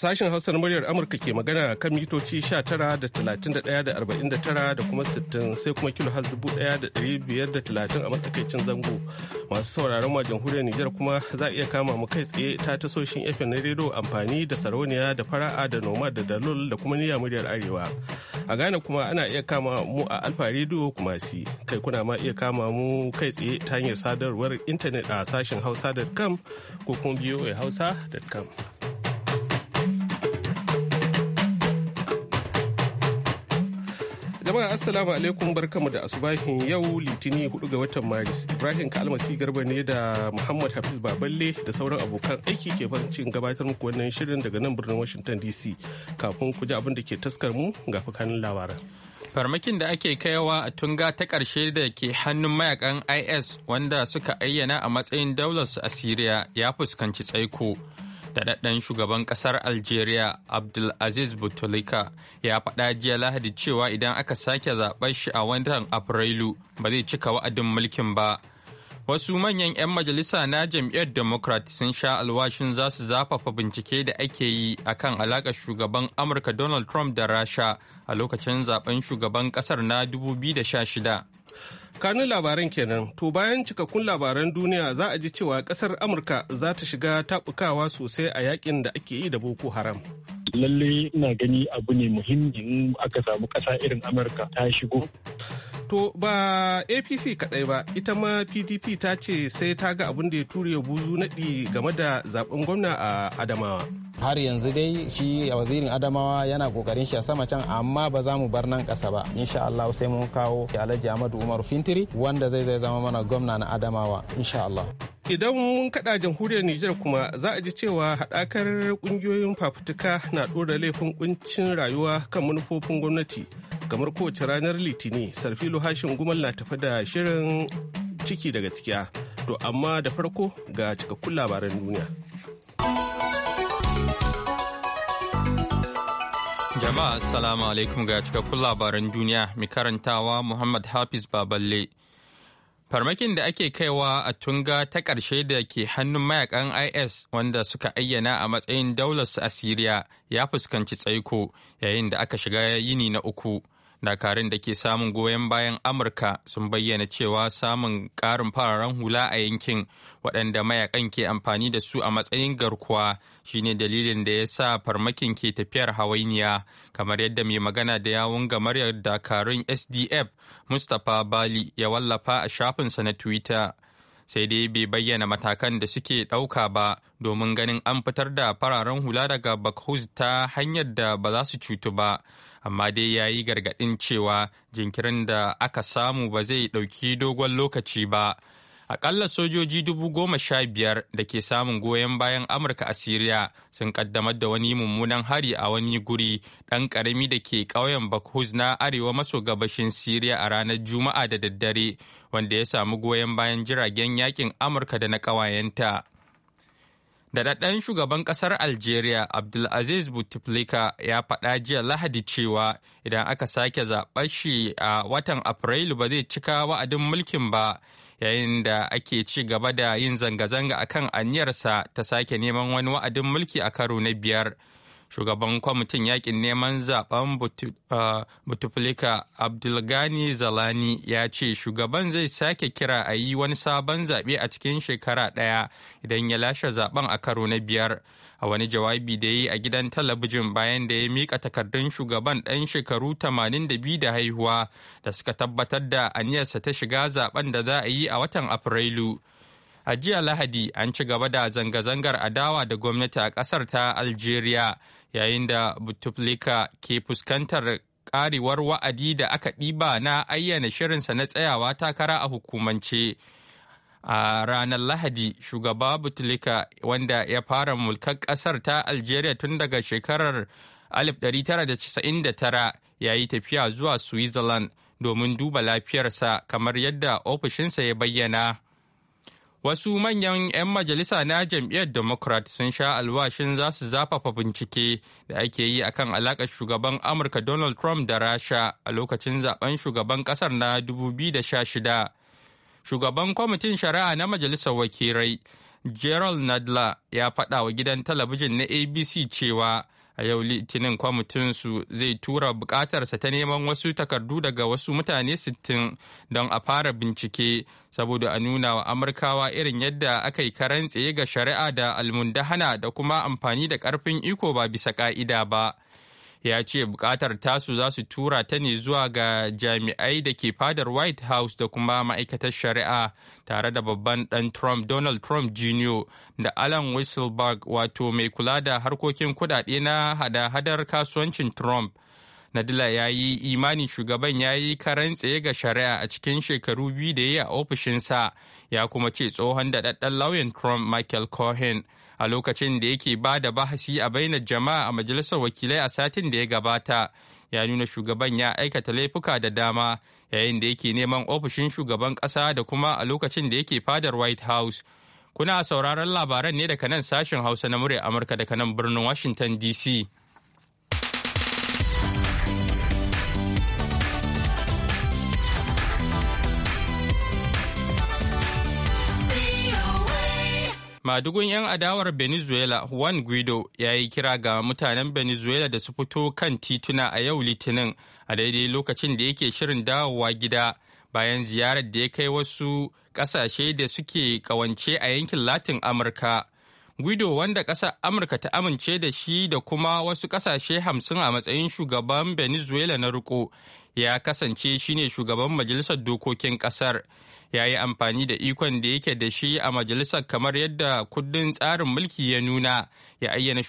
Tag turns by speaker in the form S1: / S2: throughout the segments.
S1: Sashen Hausar muryar Amurka ke magana kan mitoci 19 da 31 da 49 da kuma 60 sai kuma kilo da 1530 a matsakaicin zango. Masu sauraron ma jamhuriyar Nijar kuma za a iya kama mu kai tsaye ta tasoshin FM na rediyo amfani da sarauniya da fara'a da noma da dalol da kuma niyya muryar Arewa. A Ghana kuma ana iya kama mu a Alfa rediyo kuma si. Kai kuna ma iya kama mu kai tsaye ta hanyar sadarwar intanet a sashen hausa.com ko kuma hausa.com. Jama'a Assalamu alaikum barkamu da asubahin yau Litini 4 ga watan Maris. Ibrahim Kalmasi Garba ne da Muhammad Hafiz Baballe da sauran abokan aiki ke farcin gabatar muku wannan shirin daga nan birnin Washington DC. Kafin ku ji abin da ke taskar mu ga fakanin labaran.
S2: Farmakin da ake kaiwa a tunga ta karshe da ke hannun mayakan IS wanda suka ayyana a matsayin su a Siriya ya fuskanci tsaiko. daɗaɗɗen shugaban ƙasar algeria abdulaziz butulika ya faɗa jiya lahadi cewa idan aka sake zaɓar shi a watan afrilu ba zai cika wa'adin mulkin ba wasu manyan 'yan majalisa na jam'iyyar democrat sun sha alwashin za su zafafa bincike da ake yi akan alaƙar shugaban amurka donald trump da rasha a lokacin zaben shugaban ƙasar na 2016
S1: kanun labaran kenan to bayan cikakkun labaran duniya za a ji cewa kasar amurka za ta shiga tabukawa sosai a yakin da ake yi da boko haram lalle ina gani abu ne muhimmi in aka samu kasa irin amurka ta shigo to ba apc kadai ba ita ma pdp ta ce sai ta ga abin
S3: da ya ture buzu naɗi game da zaben gwamna a adamawa har yanzu dai shi wazirin adamawa yana kokarin shi a sama can amma ba za mu bar nan kasa ba insha Allah sai mun kawo alhaji Ahmadu Umar sintiri wanda zai zai zama mana gwamna na adamawa insha Allah.
S1: Idan mun kaɗa jamhuriyar Nijar kuma za a ji cewa haɗakar ƙungiyoyin fafutuka na ɗora laifin ƙuncin rayuwa kan manufofin gwamnati kamar kowace ranar litini sarfilu hashin gumal na tafi da shirin ciki da gaskiya to amma da farko ga cikakkun labaran duniya.
S2: Jama'a Assalamu alaikum ga cikakkun labaran duniya mai karantawa Muhammad Hafiz Baballe. Farmakin da ake kaiwa a tunga ta ƙarshe da ke hannun mayakan IS wanda suka ayyana a matsayin su a syria ya fuskanci tsaiko yayin da aka shiga yini na uku. dakarun da ke samun goyon bayan amurka sun bayyana cewa samun ƙarin fararen hula a yankin waɗanda mayakan ke amfani da su a matsayin garkuwa shine dalilin da ya sa farmakin ke tafiyar hawainiya kamar yadda mai magana da yawun gamar dakarun sdf mustapha bali ya wallafa a shafinsa na twitter sai dai bai bayyana matakan da suke ɗauka ba domin ganin an fitar da fararen hula daga bakhuz ta hanyar da ba za su cutu ba amma dai ya yi gargaɗin cewa jinkirin da aka samu ba zai ɗauki dogon lokaci ba akalla sojoji dubu goma sha biyar da ke samun goyon bayan amurka a siriya sun ƙaddamar da wani mummunan hari a wani guri ɗan ƙarami da ke ƙauyen bakhuz na arewa maso gabashin siriya a ranar juma'a da daddare wanda ya samu goyon bayan jiragen yakin amurka da na ƙawayenta Daɗaɗɗen shugaban ƙasar Algeria Abdulaziz Bouteflika ya faɗa jiya Lahadi cewa idan aka sake zaɓar shi a watan Afrilu ba zai cika wa'adin mulkin ba yayin da ake ci gaba da yin zanga-zanga akan aniyarsa ta sake neman wani wa'adin mulki a karo na biyar. shugaban kwamitin yakin neman zaben uh, butuflika abdulgani zalani ya ce shugaban zai sake kira a yi wani sabon zaɓe a cikin shekara ɗaya idan ya lashe zaben a karo na biyar a wani jawabi da yi a gidan talabijin bayan da ya mika takardun shugaban ɗan shekaru 82 da haihuwa da suka tabbatar da aniyarsa ta shiga zaben da za a yi a watan afrilu a jiya lahadi an ci gaba da zanga-zangar adawa da gwamnati a ƙasar ta algeria yayin da Bouteflika ke fuskantar karewar wa'adi da aka ɗiba na ayyana shirinsa na tsayawa takara a hukumance. A ranar Lahadi, shugaba Bouteflika wanda ya fara mulkar ƙasar ta Algeria tun daga shekarar 1999 ya yi tafiya zuwa Switzerland domin duba lafiyarsa kamar yadda ofishinsa ya bayyana. Wasu manyan 'yan majalisa na jam'iyyar Democrat sun sha alwashin za su zafafa bincike da ake yi akan alaƙar shugaban Amurka Donald Trump da Rasha a lokacin zaben shugaban ƙasar na 2016. Shugaban kwamitin shari'a na majalisar wakilai Gerald Nadler ya faɗa wa gidan talabijin na ABC cewa a yau litinin kwamitinsu zai tura bukatarsa ta neman wasu takardu daga wasu mutane sittin don a fara bincike saboda a nuna wa amurkawa irin yadda aka yi karantse ga shari'a da almundahana da kuma amfani da karfin iko ba bisa ka'ida ba. ya ce bukatar tasu za su tura ta ne zuwa ga jami'ai da ke fadar white house da kuma ma'aikatar shari'a tare da babban dan trump donald trump jr da alan whistleberg wato mai kula da harkokin kudade na hada-hadar kasuwancin trump nadila ya yi imanin shugaban ya yi karan tsaye ga shari'a a cikin shekaru biyu da ya yi a ofishinsa ya kuma ce tsohon da daɗaɗɗen lauyan trump michael cohen a lokacin da yake ba da bahasi a bainar jama'a a majalisar wakilai a satin da ya gabata ya nuna shugaban ya aikata laifuka da dama yayin da yake neman ofishin shugaban ƙasa da kuma a lokacin da yake fadar white house kuna sauraron labaran ne daga nan sashen hausa na murya amurka daga nan birnin washington dc Madugun 'yan adawar Venezuela Juan Guido ya yi kira ga mutanen Venezuela da su fito kan tituna a yau Litinin a daidai lokacin da yake shirin dawowa gida bayan ziyarar da ya kai wasu ƙasashe da suke ƙawance a yankin Latin Amurka. Guido wanda ƙasar Amurka ta amince da shi da kuma wasu ƙasashe hamsin a matsayin shugaban Venezuela na riko ya kasance shine shugaban majalisar dokokin ƙasar. ya yi amfani da ikon da yake da shi a majalisar kamar yadda kundin tsarin mulki ya nuna ya ayyana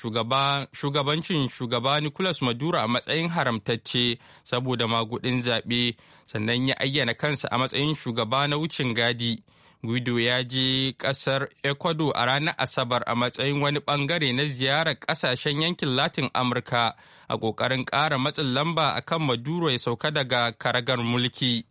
S2: shugabancin shugaba nicolas maduro a matsayin haramtacce saboda magudin zaɓe sannan ya ayyana kansa a matsayin shugaba na wucin gadi guido ya je ƙasar ecuador a ranar asabar a matsayin wani ɓangare na ziyarar ƙasashen yankin latin amurka a ƙoƙarin ƙara matsin lamba akan maduro ya sauka daga karagar mulki.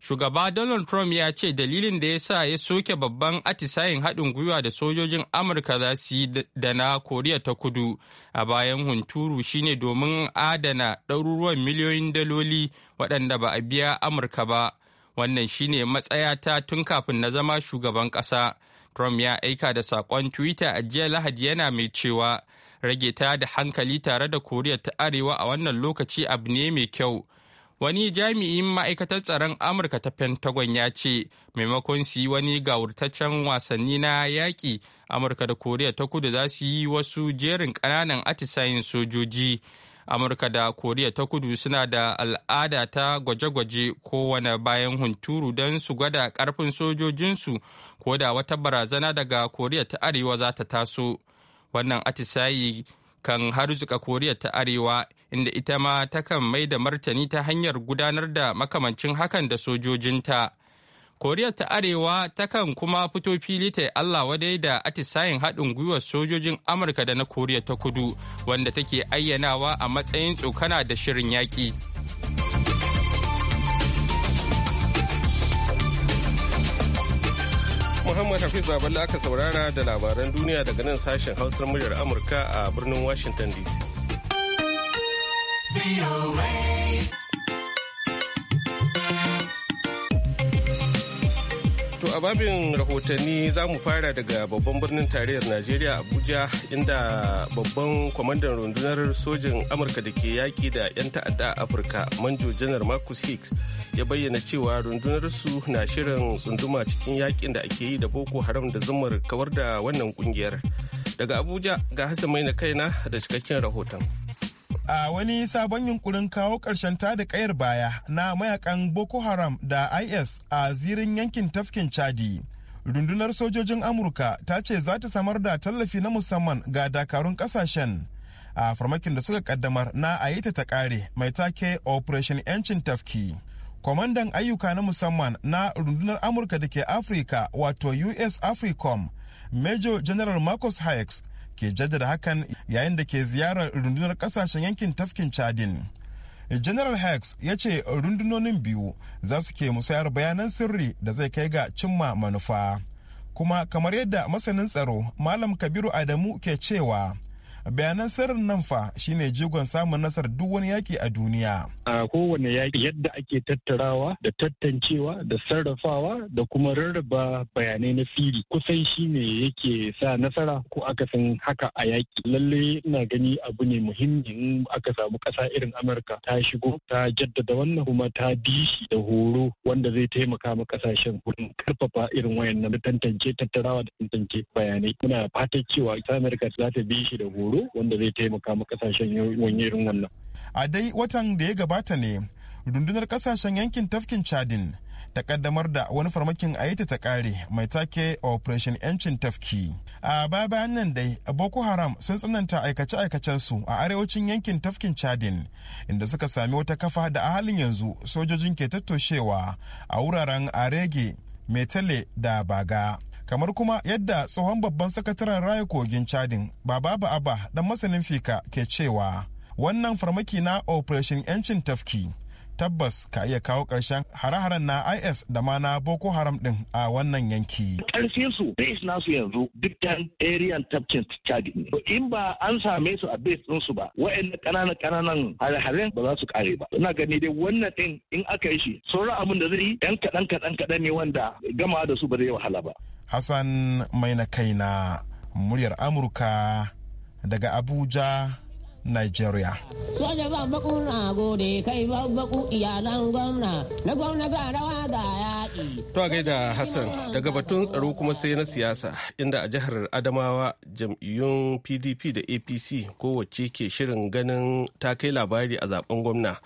S2: Shugaba Donald Trump ya ce dalilin da ya sa ya soke babban atisayin haɗin gwiwa da sojojin Amurka za su yi da na Koriya ta kudu a bayan hunturu shine domin adana ɗaruruwan miliyoyin daloli waɗanda ba a biya Amurka ba. Wannan shine matsaya ta tun kafin na zama shugaban ƙasa. Trump ya aika da saƙon Twitter a jiya Lahadi yana mai cewa rage ta da hankali tare da Koriya ta Arewa a wannan lokaci abu ne mai kyau. Wani jami'in ma'aikatar tsaron Amurka ta Pentagon ya ce, maimakon su yi wani gawurtaccen wasanni na yaƙi, Amurka da Koriya ta kudu za su yi wasu jerin ƙananan atisayin sojoji. Amurka da Koriya ta kudu suna da al'ada ta gwaje-gwaje kowane bayan hunturu don su gwada ƙarfin sojojinsu ko da wata barazana daga Koriya ta Arewa za ta taso. Wannan atisayi kan harzuka koriya ta arewa inda ita ma takan mai da martani ta hanyar gudanar da makamancin hakan da sojojinta koriya ta arewa takan kuma fito fili ta allah wadai da atisayin haɗin gwiwar sojojin amurka da na koriya ta kudu wanda take ayyanawa a matsayin tsokana da shirin yaƙi
S1: Muhammad Hafiz Baballa aka saurara da labaran duniya daga nan sashen Hausar muryar Amurka a birnin Washington DC. a babin rahotanni za mu fara daga babban birnin tarayyar Najeriya Abuja inda babban kwamandan rundunar sojin Amurka da ke yaƙi da 'yan ta'adda a Afirka Manjo Janar Marcus Hicks ya bayyana cewa rundunar su na shirin tsunduma cikin yaƙin da ake yi da Boko Haram da zumar kawar da wannan kungiyar. Daga Abuja ga Hassan na kaina da cikakken rahoton.
S4: a wani sabon yunkurin kawo ƙarshen da ƙayar baya na mayakan boko haram da is a zirin yankin tafkin chadi rundunar sojojin amurka ta ce za ta samar da tallafi na musamman ga dakarun kasashen a farmakin da suka kaddamar na ayita ta kare mai take operation yancin tafki kwamandan ayyuka na musamman na rundunar amurka da ke afirka wato us africom major general marcus hikes ke jaddada hakan yayin da ke ziyarar rundunar kasashen yankin tafkin chadin general hex ya ce rundunonin biyu za su ke musayar bayanan sirri da zai kai ga cimma manufa kuma kamar yadda masanin tsaro malam kabiru adamu ke cewa bayanan sirrin nan fa shine jigon samun nasar duk wani yaki a duniya a kowane yaki yadda ake tattarawa
S5: da tattancewa da sarrafawa da kuma rarraba bayanai na fili kusan shine yake sa nasara ko aka san haka a yaki lalle ina gani abu ne muhimmi in aka samu ƙasa irin amurka ta shigo ta jaddada wannan kuma ta bi shi da horo wanda zai taimaka ma kasashen wurin karfafa irin wayannan tantance tattarawa da
S4: tantance bayanai muna fatan cewa amurka za ta bi shi da horo tsaro wanda zai taimaka ma kasashen wani irin wannan. A dai watan da ya gabata ne rundunar kasashen yankin tafkin Chadin ta kaddamar da wani farmakin ayyata ta kare mai take operation yancin tafki a bayan nan dai boko haram sun tsananta aikace aikacensu a arewacin yankin tafkin chadin inda suka sami wata kafa da a halin yanzu sojojin ke tattoshewa a wuraren arege metale da baga kamar kuma yadda tsohon babban sakataren raya kogin chadin baba ba'aba dan masanin fika ke cewa wannan farmaki na operation yancin tafki tabbas ka iya kawo ƙarshen hare-haren na IS da ma na Boko Haram din a wannan yanki. Ƙarfin su base
S5: nasu yanzu duk dan area tafkin Chadi ne. In ba an same su a base din su ba, wa'anda ƙananan kananan hare-haren ba za su kare ba. Ina gani dai wannan din in aka yi shi, sauran abin da zai yi yan kaɗan kaɗan kaɗan ne wanda gama da su ba zai wahala ba.
S4: Hassan mai na na muryar Amurka daga Abuja,
S1: Nigeria.
S6: Soja ban na gode kai ban iyalan gwamna, na
S1: gwamna ga rawa ga ya To gaida Hassan daga batun tsaro kuma sai na siyasa inda a jihar Adamawa jam'iyyun PDP da APC kowace ke shirin ganin ta kai labari a zaben gwamna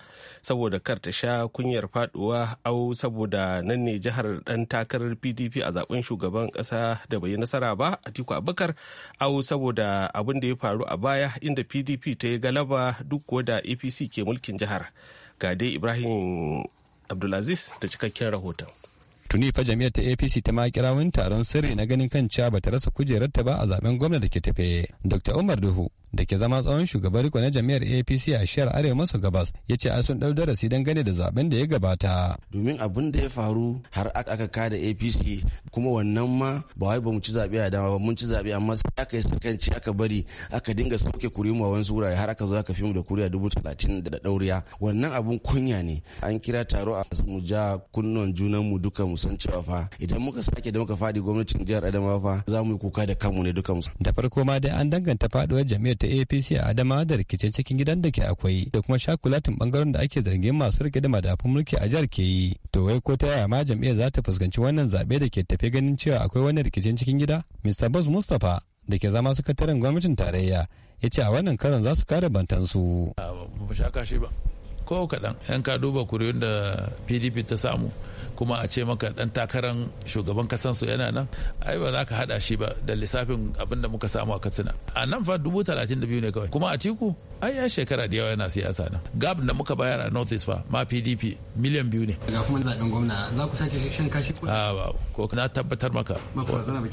S1: saboda kar ta sha kunyar faduwa au saboda nan ne jihar dan takarar PDP a zaben shugaban kasa da bai nasara ba Atiku Abubakar au saboda abin da ya faru a baya inda PDP ta yi galaba duk da APC ke mulkin jihar. Gade Ibrahim Abdulaziz da cikakken rahoton.
S7: tuni fa jami'ar ta apc ta ma rawun taron sirri na ganin kan cewa bata rasa kujerarta ba a zaben gwamna da ke tafe dr umar duhu da ke zama tsawon shugaban riko na jami'ar apc a shiyar arewa maso gabas ya ce sun ɗau darasi dangane da zaben da ya gabata
S8: domin abin da ya faru har aka da apc kuma wannan ma ba wai ba mu ci zaɓe a dama ba mun ci zaɓe amma sai aka yi sakanci aka bari aka dinga sauke kurimu a wani wurare har aka zo aka fi mu da kuri a dubu talatin da ɗauriya wannan abun kunya ne an kira taro a mu ja kunnon junan mu duka mu san cewa fa idan muka sake da muka faɗi gwamnatin jihar adamawa fa za mu yi kuka da kanmu ne duka mu
S7: da farko ma dai an danganta faɗuwar jami'ar ta apc a adama da rikice cikin gidan da ke akwai da kuma shakulatin bangaren da ake zargin masu rike da madafun mulki a jihar ke yi to wai ko ta yaya ma jam'iyyar za ta fuskanci wannan zaɓe da ke tafe ganin cewa akwai wani rikicin cikin gida mr bas mustapha da ke zama sakataren gwamnatin tarayya ya ce a wannan karon za su kare bantansu. ba shaka shi
S2: ba ko kaɗan yan ka duba kuriyun da pdp
S1: ta samu kuma a ce maka dan takarar shugaban kasan su yana nan ai ba za ka hada shi ba da lissafin abin da muka samu a katsina a nan fa dubu talatin da biyu ne kawai kuma a tiku ai ya shekara da yawa yana siyasa nan gab da muka bayar a north east fa ma pdp miliyan biyu ne ga kuma zaben gwamna za ku sake shan kashi ko ah, ko na tabbatar maka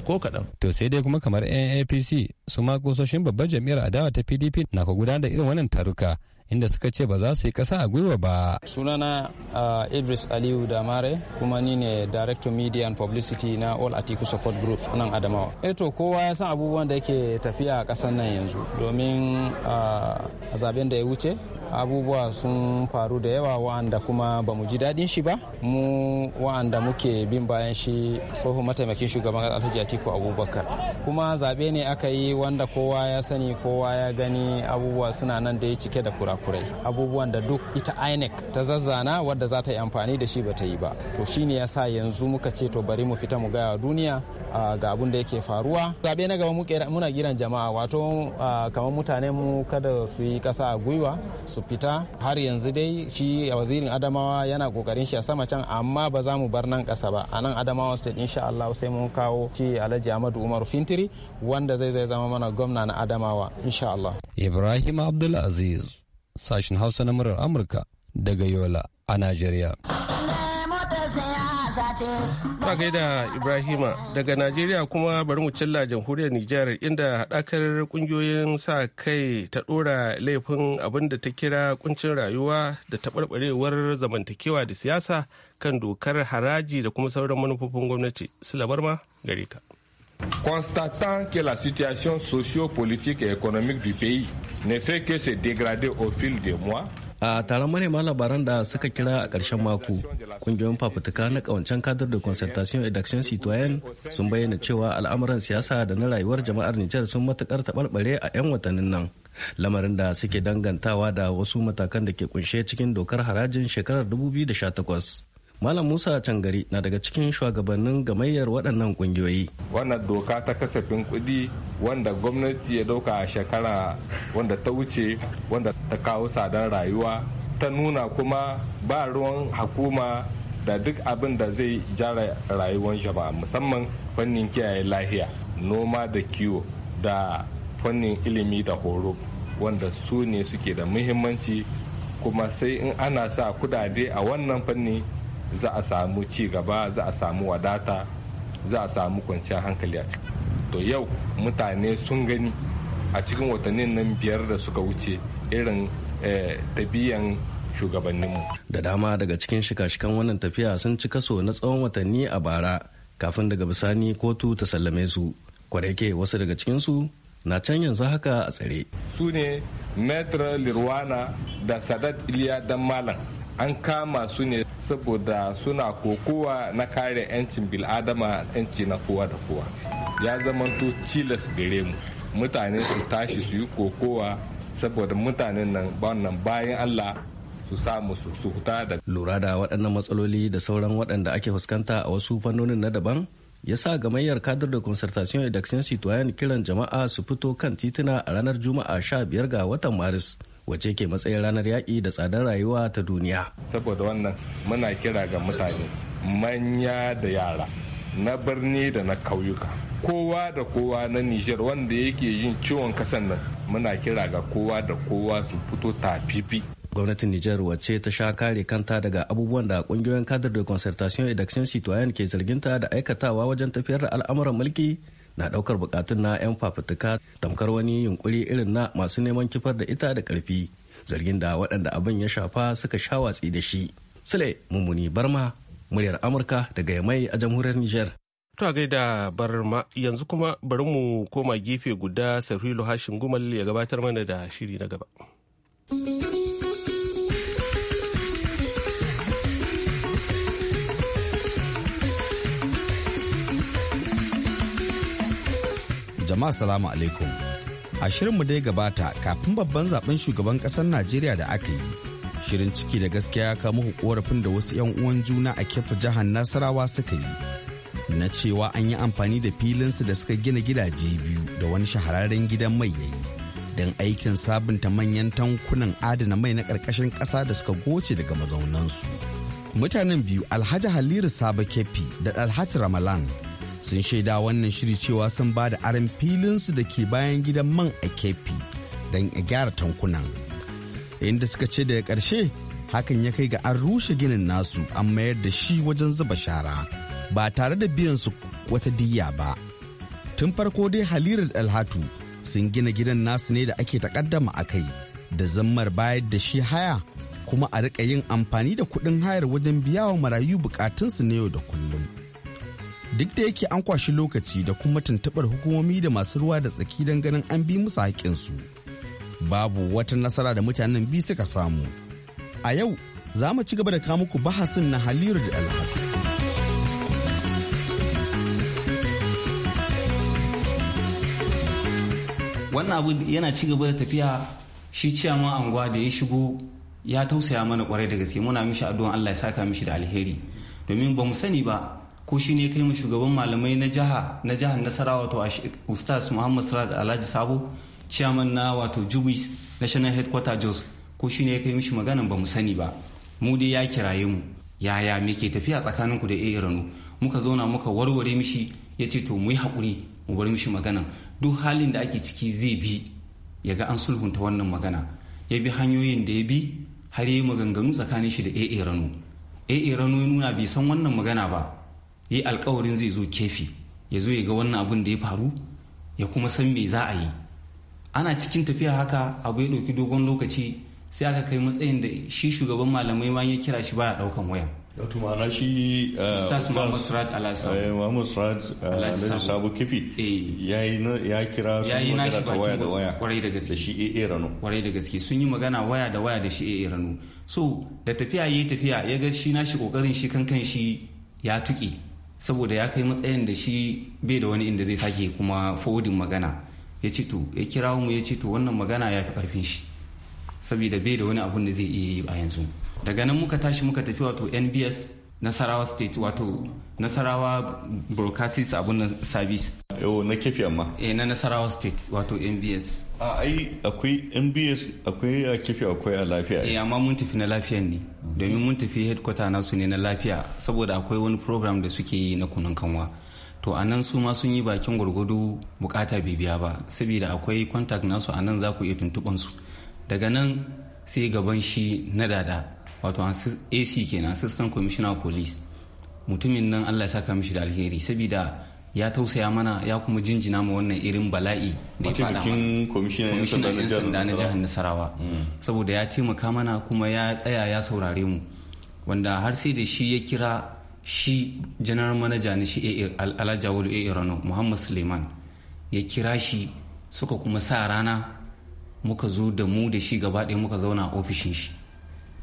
S1: ko kaɗan
S7: to sai dai kuma kamar NAPC su ma kusoshin babbar jam'iyyar adawa ta PDP na ku gudanar da irin wannan taruka inda suka ce ba za su yi kasa a gwiwa ba.
S3: Sunana uh, Idris Aliyu Damare kuma ni ne Director Media and Publicity na All Atiku Support Group nan Adamawa. Eto eh kowa ya san abubuwan da yake tafiya a ƙasar nan yanzu domin uh, zaben da ya wuce abubuwa sun faru da yawa wa'anda kuma ba mu ji daɗin shi ba mu wa'anda muke bin bayan shi tsohon mataimakin shugaban alhaji atiku abubakar kuma zaɓe ne aka yi wanda kowa ya sani kowa ya gani abubuwa suna nan da ya cike da kurakurai abubuwan da duk ita inec ta zazzana wadda za ta yi amfani da shi ba ta yi ba to shine ya sa yanzu muka ce to bari mu fita mu gaya duniya ga abun da yake faruwa zaɓe na gaba muna giran jama'a wato kamar mutane mu kada su yi ƙasa a gwiwa su su fita har yanzu dai shi wazirin adamawa yana kokarin shi a sama can amma ba za mu bar nan kasa ba a nan adamawa state insha Allah sai mun kawo shi alhaji Ahmadu Umar Fintiri wanda zai zai zama mana gwamna na adamawa insha Allah
S7: Ibrahim Abdulaziz sashin Hausa na murar Amurka daga Yola a Najeriya
S1: Ba gaida Ibrahima daga Najeriya kuma bari mu cilla jamhuriyar Nijar inda haɗakar ƙungiyoyin sa kai ta ɗora laifin abin da ta kira kuncin rayuwa da taɓarɓarewar zamantakewa da siyasa kan dokar haraji da kuma sauran manufofin gwamnati. Silabar ma gare ka.
S9: Constatant que la situation socio-politique et économique du pays ne fait que se dégrader au fil des mois,
S5: a taron manema labaran da suka kira a ƙarshen mako kungiyoyin fafutuka na ƙawancen kadar da concertation et d'action citoyen sun bayyana cewa al'amuran siyasa da na rayuwar jama'ar nijar sun matukar taɓarɓare a 'yan watannin nan lamarin da suke dangantawa da wasu matakan da ke kunshe cikin dokar harajin shekarar 2018 Malam Musa Cangari na daga cikin shugabannin gamayyar waɗannan ƙungiyoyi.
S9: Wannan doka ta kasafin kuɗi wanda gwamnati ya ɗauka a shekara wanda ta wuce wanda ta kawo sadan rayuwa ta nuna kuma ba ruwan hakuma da duk abin da zai jara rayuwar jama'a musamman fannin kiyaye lahiya noma da kiwo da fannin ilimi da horo wanda su ne suke da muhimmanci kuma sai in ana sa kudade a wannan fanni za a samu ci gaba za a samu wadata za a samu kwanciyar hankali a ciki to yau mutane sun gani a cikin watannin nan biyar da suka wuce irin eh, tabiyan shugabanninmu da dama daga cikin shika-shikan wannan
S5: tafiya sun ci kaso na tsawon watanni a bara kafin daga bisani kotu ta sallame su kwareke wasu daga cikinsu na can yanzu haka a tsare
S9: su ne metro lirwana da sadat iliya dan malam an kama su ne saboda suna kokowa na kare 'yancin bil'adama 'yanci na kowa da kowa ya zamanto cilas gare mu mutane su tashi su yi kokowa saboda mutanen nan wannan bayan allah su samu su huta da lura da waɗannan matsaloli
S5: da sauran waɗanda ake fuskanta a wasu fannonin na daban ya sa gamayyar kadar da concertation et d'action citoyen kiran jama'a su fito kan tituna a ranar juma'a 15 ga watan maris wacce ke matsayin ranar yaƙi da tsadar rayuwa ta duniya.
S9: Saboda wannan muna kira ga mutane manya da yara na birni da na kauyuka. Kowa da kowa na Nijar wanda yake yin ciwon kasan nan muna kira ga kowa da kowa su fito tafifi.
S5: gwamnatin Nijar wacce ta sha kare kanta daga abubuwan da kungiyoyin kadar da concertation et d'action ke zarginta da aikatawa wajen tafiyar da al'amuran mulki na daukar bukatun na 'yan fafutuka tamkar wani yunkuri irin na masu neman kifar da ita da karfi zargin da waɗanda abin ya shafa suka sha watsi da shi sule mummuni barma muryar amurka daga yamai a jamhuriyar niger
S1: to a gaida barma yanzu kuma bari mu koma gefe guda sarfilo hashin gumal ya gabatar mana da shiri na gaba.
S8: jama'a salamu alaikum a shirinmu da ya gabata kafin babban zaben shugaban ƙasar najeriya da aka yi shirin ciki da gaskiya ya kama korafin da wasu 'yan uwan juna a kefa jihar nasarawa suka yi na cewa an yi amfani da filin su da suka gina gidaje biyu da wani shahararren gidan mai yayi don aikin sabunta manyan tankunan adana mai na ƙarƙashin ƙasa da suka goce daga mazaunansu mutanen biyu alhaji haliru saba kefi da alhaji ramalan sun shaida wannan shiri cewa sun ba da aron filinsu da ke bayan gidan man a kefi don a gyara tankunan inda suka ce daga ƙarshe hakan ya kai ga an rushe ginin nasu an mayar da shi wajen zuba shara ba tare da biyan su wata diyya ba tun farko dai halirar alhatu sun gina gidan nasu ne da ake takaddama a kai da zammar bayar da shi haya kuma a riƙa yin amfani da kuɗin hayar wajen biya wa marayu bukatunsu na yau da kullum. duk da yake an kwashi lokaci da kuma tuntuɓar hukumomi da masu ruwa da tsaki don ganin an bi musu haƙƙinsu babu wata nasara da mutanen bi suka samu a yau za mu ci gaba da kawo muku bahasin na haliru da alhaki
S10: wannan abu yana ci gaba da tafiya shi ciyama anguwa da ya shigo ya tausaya mana kwarai da gaske muna mishi addu'an Allah ya saka mishi da alheri domin ba mu sani ba ko shi ne kai mu shugaban malamai na jiha na jihar nasarawa wato ustaz muhammad sirat alhaji sabo chairman na wato jubis national headquarter jos ko shi ne kai mishi maganan ba mu sani ba mu dai ya kiraye mu yaya me ke tafiya tsakanin ku da iya rano muka zauna muka warware mishi ya ce to mu yi haƙuri mu bar mishi maganan duk halin da ake ciki zai bi ya ga an sulhunta wannan magana ya bi hanyoyin da ya bi har yi maganganu tsakanin shi da AA Rano. AA Rano ya nuna bai san wannan magana ba yi alkawarin zai zo kefi ya zo ya ga wannan abin da ya faru ya kuma san me za a yi ana cikin tafiya haka abu ya ɗauki dogon lokaci sai aka kai matsayin da shi shugaban malamai ma ya kira shi baya ɗaukan waya wato ma'ana shi eh, stars muhammad suraj alasabu
S11: eh, muhammad suraj eh, alasabu kifi
S10: ya kira sun yi magana ta waya da waya kwarai da gaske shi aa rano kwarai da gaske sun yi magana waya da waya da shi aa rano so da tafiya yayi tafiya ya ga shi nashi kokarin shi kankan shi ya tuki. saboda ya kai matsayin da shi bai da wani inda zai sake kuma fodin magana ya ci to ya kira mu ya ce to wannan magana ya fi karfin shi saboda bai da wani abun da zai iya yi a yanzu daga nan muka tashi muka tafi wato nbs nasarawa state wato nasarawa broadcasting abun service yau na kefi amma eh na nasarawa state wato mbs a ai akwai mbs akwai a kefi akwai a lafiya eh amma mun tafi na lafiyan ne domin mun tafi headquarter nasu ne na lafiya saboda akwai wani program da suke yi na kunun kanwa to a nan su ma sun yi bakin gwargwado bukata bibiya ba saboda akwai contact nasu a nan za ku iya tuntuɓan su daga nan sai gaban shi na dada wato ac kenan assistant commissioner police mutumin nan allah ya saka mishi da alheri saboda ya tausaya mana ya kuma jinjina ma wannan irin bala'i da ya fada kwamishinan 'yan sanda na jihar nasarawa mm. saboda ya taimaka mana kuma ya tsaya ya saurare mu wanda har sai da shi ya kira shi general manager na shi alhaji alajawul rano muhammad suleiman ya kira shi suka kuma sa rana muka zo da mu da shi gaba ɗaya muka zauna a ofishin shi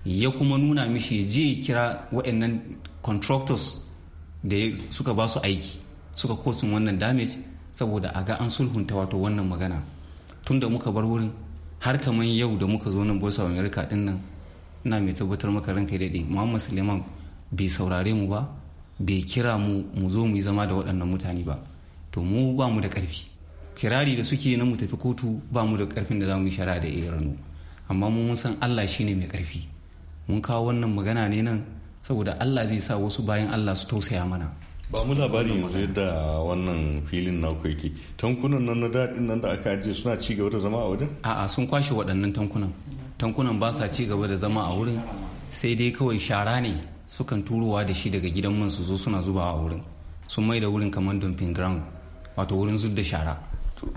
S10: ya kuma nuna mishi ya je ya kira waɗannan contractors da suka ba su aiki suka kosin wannan damage saboda a ga an sulhunta wato wannan magana tun da muka bar wurin har kamar yau da muka zo nan bosa america din nan ina mai tabbatar maka ranka daɗe muhammad suleiman bai saurare mu ba bai kira mu mu zo mu yi zama da waɗannan mutane ba to mu ba mu da ƙarfi kirari da suke na mu tafi kotu ba mu da ƙarfin da za mu yi shara da iya rano amma mu mun san allah shine mai ƙarfi mun kawo wannan magana ne nan saboda allah zai sa wasu bayan allah su tausaya mana ba mu labarin yanzu yadda
S11: wannan filin na yake tankunan nan na daɗin nan da aka ajiye suna ci gaba da zama a wajen
S10: a'a sun kwashe waɗannan tankunan tankunan ba sa ci gaba da zama a wurin sai dai kawai shara ne sukan turowa da shi daga gidan man su zo suna zubawa a wurin sun mai da wurin kamar dumping ground wato wurin zub da shara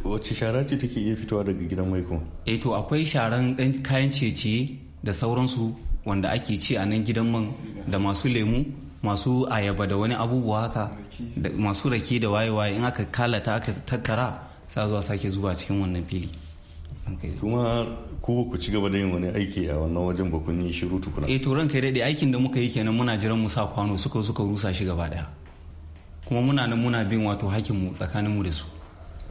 S11: wacce shara ce take iya fitowa daga gidan mai ko
S10: eh to akwai sharan ɗan kayan ceci da sauransu wanda ake ci a nan gidan man da masu lemu masu ayaba da wani abubuwa haka masu rake da waye-waye in aka kalata aka tattara sa zuwa sake zuwa cikin wannan fili kuma ko ku ci gaba da yin wani aiki a wannan wajen ba kun yi shiru tukuna eh to ranka daɗe aikin da muka yi kenan muna jiran mu sa kwano suka suka rusa shi gaba daya kuma muna nan muna bin wato hakkin mu tsakanin mu da su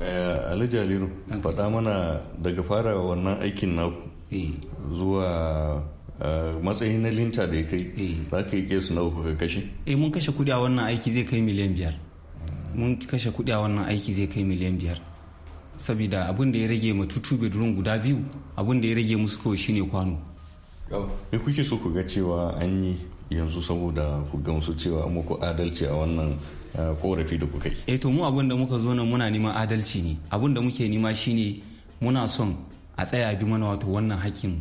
S10: eh, Ali Jalilu faɗa mana daga fara wannan aikin naku eh.
S11: zuwa matsayi na linta da ya kai eh. za ka yi kes na uku ka kashe
S10: eh mun kashe kudi a wannan aiki zai kai miliyan biyar mun kashe kudi a wannan aiki zai kai miliyan biyar saboda abin da ya rage ma tutu bedroom guda biyu abin da ya rage musu kawai shine kwano
S11: me kuke so ku ga cewa an yi yanzu saboda ku ga musu cewa an muku adalci a wannan eh, korafi da kuka yi
S10: eh to mu abin da muka zo nan muna neman adalci ne abin da muke nema shine muna son a tsaya bi mana wato wannan hakkin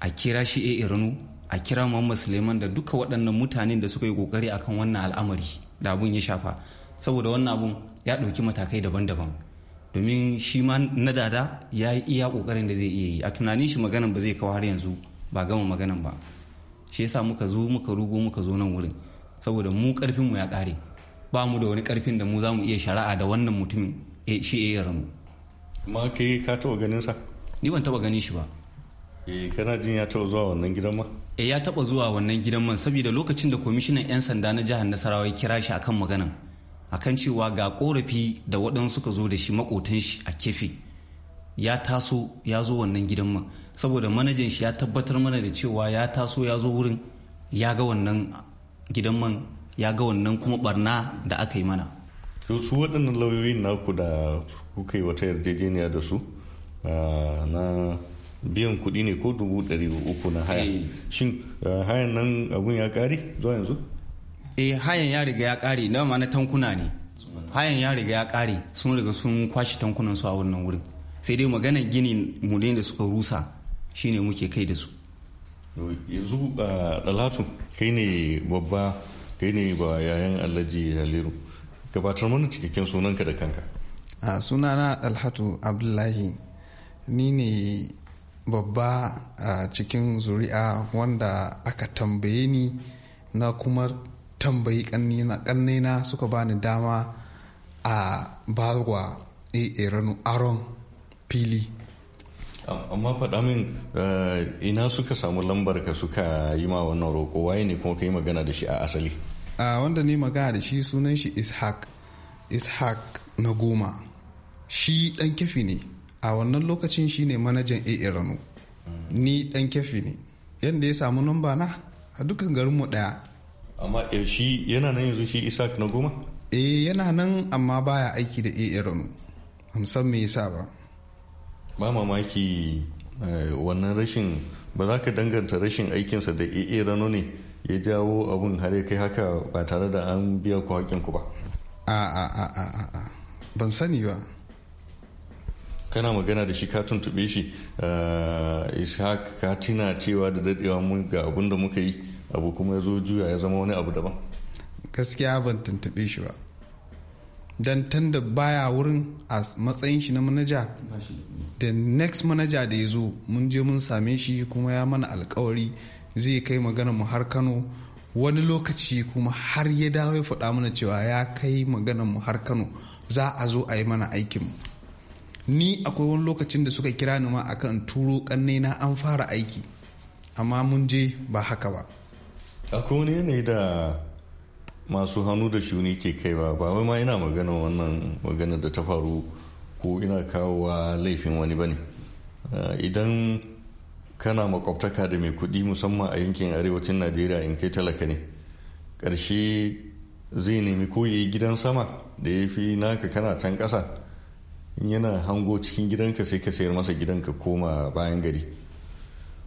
S10: a kira shi a irinu a kira muhammad suleiman da duka waɗannan mutanen da suka yi kokari akan wannan al'amari da abun ya shafa saboda wannan abun ya ɗauki matakai daban-daban domin shi ma na dada ya yi iya kokarin da zai iya yi a tunanin shi maganan ba zai kawo har yanzu ba gama maganan ba shi yasa muka zo muka rugo muka zo nan wurin saboda mu karfin mu ya kare ba mu da wani karfin da mu za mu iya shari'a da wannan mutumin shi ya yi ma ka yi ka taɓa ganin sa ni ban taɓa ganin shi ba eh kana jin ya taɓa zuwa wannan gidan ma eh ya taɓa zuwa wannan gidan man saboda lokacin da kwamishinan 'yan sanda na jihar nasarawa ya kira shi akan maganan akan cewa ga korafi da waɗansu suka zo da shi makotan shi a kefe ya taso ya zo wannan gidan man saboda manajan shi ya tabbatar mana da cewa ya taso ya zo wurin ya ga wannan gidan man ya ga wannan kuma barna da aka yi mana
S11: su waɗannan lauyoyin naku da kuka yi wata yarjejeniya da su ah, na biyan kuɗi ne ko
S10: dubu ɗari uku na haya eh. shin eh, hayan nan abun ya ƙare zuwa yanzu eh hayan ya riga ya ƙare na ma na tankuna ne hayan ya riga ya ƙare sun riga sun kwashe tankunan su a wannan wurin sai dai maganar gini mu da suka rusa shine muke kai da su yanzu a eh, dalatu kai ne babba
S11: kai ne ba yayan alhaji haliru gabatar mana cikakken sunanka da kanka
S6: a ah, sunana dalhatu abdullahi ni ne babba a cikin zuri'a wanda aka tambaye ni na kuma tambayi ƙannaina suka bani dama a a ranu aron fili amma faɗa min
S11: eh, ina suka samu lambar ka suka yi ma wannan roƙo waye ne kuma ka yi magana da shi a asali
S6: wanda ne magana da shi sunan shi ishaq ishaq na goma shi ɗan kyafi ne a wannan lokacin shine manajan A Rano ni dan kefi ne yadda ya samu namba na a dukkan garin mu daya amma eh, shi yana nan yanzu shi Isaac na goma eh yana nan amma baya aiki da A Rano amsan me yasa ba ba mamaki eh, wannan rashin
S11: ba za ka danganta rashin aikinsa da A Rano ne ya jawo abun har ya kai haka ba tare da an biya ku ba
S6: a'a ban sani ba
S11: kana magana da shi ka tuntube shi eh, ishaq ka tina cewa da dadewa mun ga abun da muka yi abu kuma ya zo juya ya zama wani abu daban
S6: gaskiya ban tuntube shi ba dan da baya wurin a matsayin shi na manaja da next manaja da ya zo mun je mun same shi kuma ya mana alkawari zai kai magana mu har kano wani lokaci kuma har ya dawo ya faɗa mana cewa ya kai magana mu har kano za a zo a yi mana mu ni akwai wani lokacin da suka kira ni ma akan turo kanne na an fara aiki amma mun je ba haka ba
S11: akwai wani yanayi da masu hannu da shuni ke kaiwa ba wai ma ina magana wannan magana da ta faru ko ina kawowa laifin wani bane eh, idan kana makwabtaka da mai kuɗi musamman a yankin arewacin najeriya in kai talaka ne ƙarshe zai nemi ko ya gidan sama da ya fi naka kana can ƙasa in yana hango cikin gidanka sai ka sayar masa gidanka koma bayan gari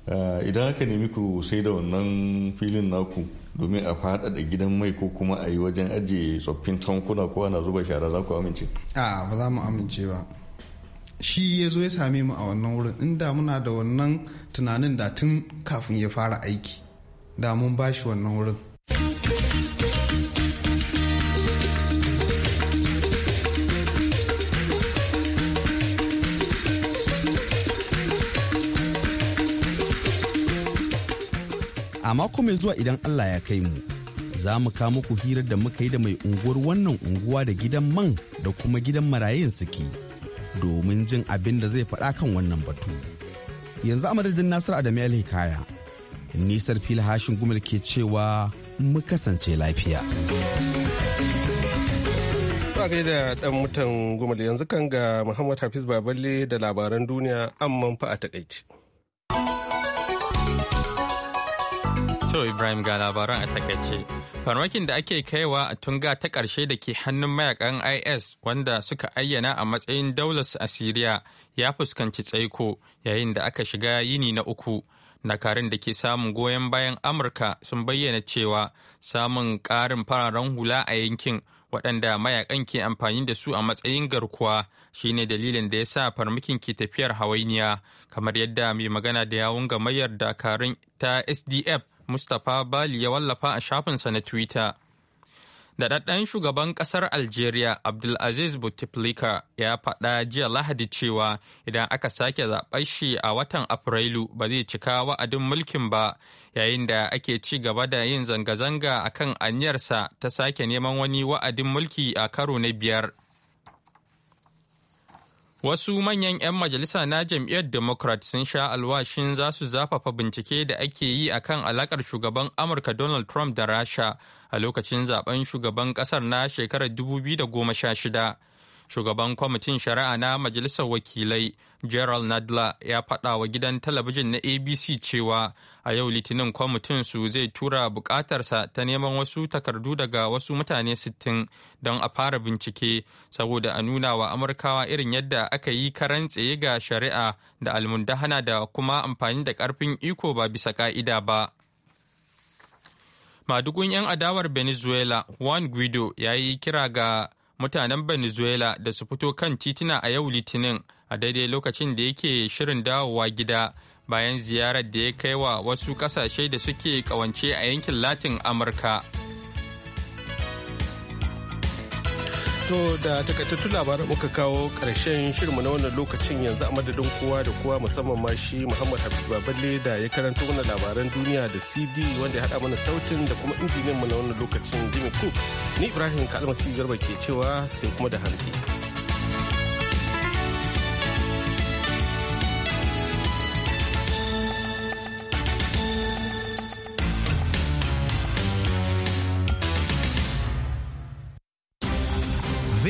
S11: eh, idan aka nemi ku sai da wannan filin naku domin a faɗaɗa gidan mai ko kuma a yi wajen ajiye tsoffin tankuna ko ana zuba shara za ku amince
S6: a ba za mu amince ba shi ya zo ya same mu a wannan wurin inda muna da wannan tunanin da tun kafin ya fara aiki da mun bashi wannan wurin
S8: a mako mai zuwa idan Allah ya kai mu za mu kama ku hirar da muka yi da mai unguwar wannan unguwa da gidan man da kuma gidan marayun suke domin jin abin da zai faɗa kan wannan batu yanzu a madadin nasiru adam ya kaya nisar fili hashin Gumal ke cewa mu kasance lafiya
S1: ba da dan mutan yanzu kan ga muhammad hafiz baballe da labaran duniya amman fa a takaici.
S2: To Ibrahim ga labaran a takaice. Farmakin da ake kaiwa a tunga ta ƙarshe da ke hannun mayakan IS wanda suka ayyana a matsayin daular a Siriya ya fuskanci tsaiko yayin da aka shiga yini na uku. na karin da ke samun goyon bayan Amurka sun bayyana cewa samun ƙarin fararen hula a yankin waɗanda mayakan ke amfani da su a matsayin garkuwa shine dalilin da ya sa farmakin ke tafiyar hawainiya kamar yadda mai magana da yawun gamayyar dakarun ta SDF Mustapha Bali ya wallafa a shafinsa na Twitter. Daɗaɗɗen shugaban ƙasar Algeria Abdulaziz Bouteflika ya faɗa jiya Lahadi cewa idan aka sake zaɓar shi a watan Afrilu ba zai cika wa'adin mulkin ba yayin da ake ci gaba da yin zanga-zanga a kan anyarsa ta sake neman wani wa'adin mulki a karo na biyar. Wasu manyan 'yan majalisa na jam'iyyar Democrat sun sha alwashin za su zafafa bincike da ake yi a kan alaƙar shugaban Amurka Donald Trump da Rasha a lokacin zaben shugaban ƙasar na shekarar 2016. shugaban kwamitin shari'a na majalisar wakilai gerald nadler ya faɗa wa gidan talabijin na abc cewa a yau litinin kwamitin su zai tura bukatarsa ta neman wasu takardu daga wasu mutane 60 don a fara bincike saboda a nuna wa amurkawa irin yadda aka yi karan tsaye ga shari'a da almundahana da kuma amfani da karfin iko ba bisa ka'ida ba madugun 'yan adawar venezuela juan guido ya yi kira ga mutanen venezuela da su fito kan titina a yau litinin a daidai lokacin da yake shirin dawowa gida bayan ziyarar da ya kai wa wasu kasashe da suke kawance a yankin latin amurka.
S1: To da takaitattun labaran muka kawo ƙarshen shirinmu na wannan lokacin yanzu a madadin kowa da kowa musamman ma shi Muhammad Hafiz Baballe da ya karanta wannan labaran duniya da CD wanda ya haɗa mana sautin da kuma injiniyan mu na wannan lokacin Jimmy Cook. Ni Ibrahim Kalmasi Garba ke cewa sai kuma da hantsi.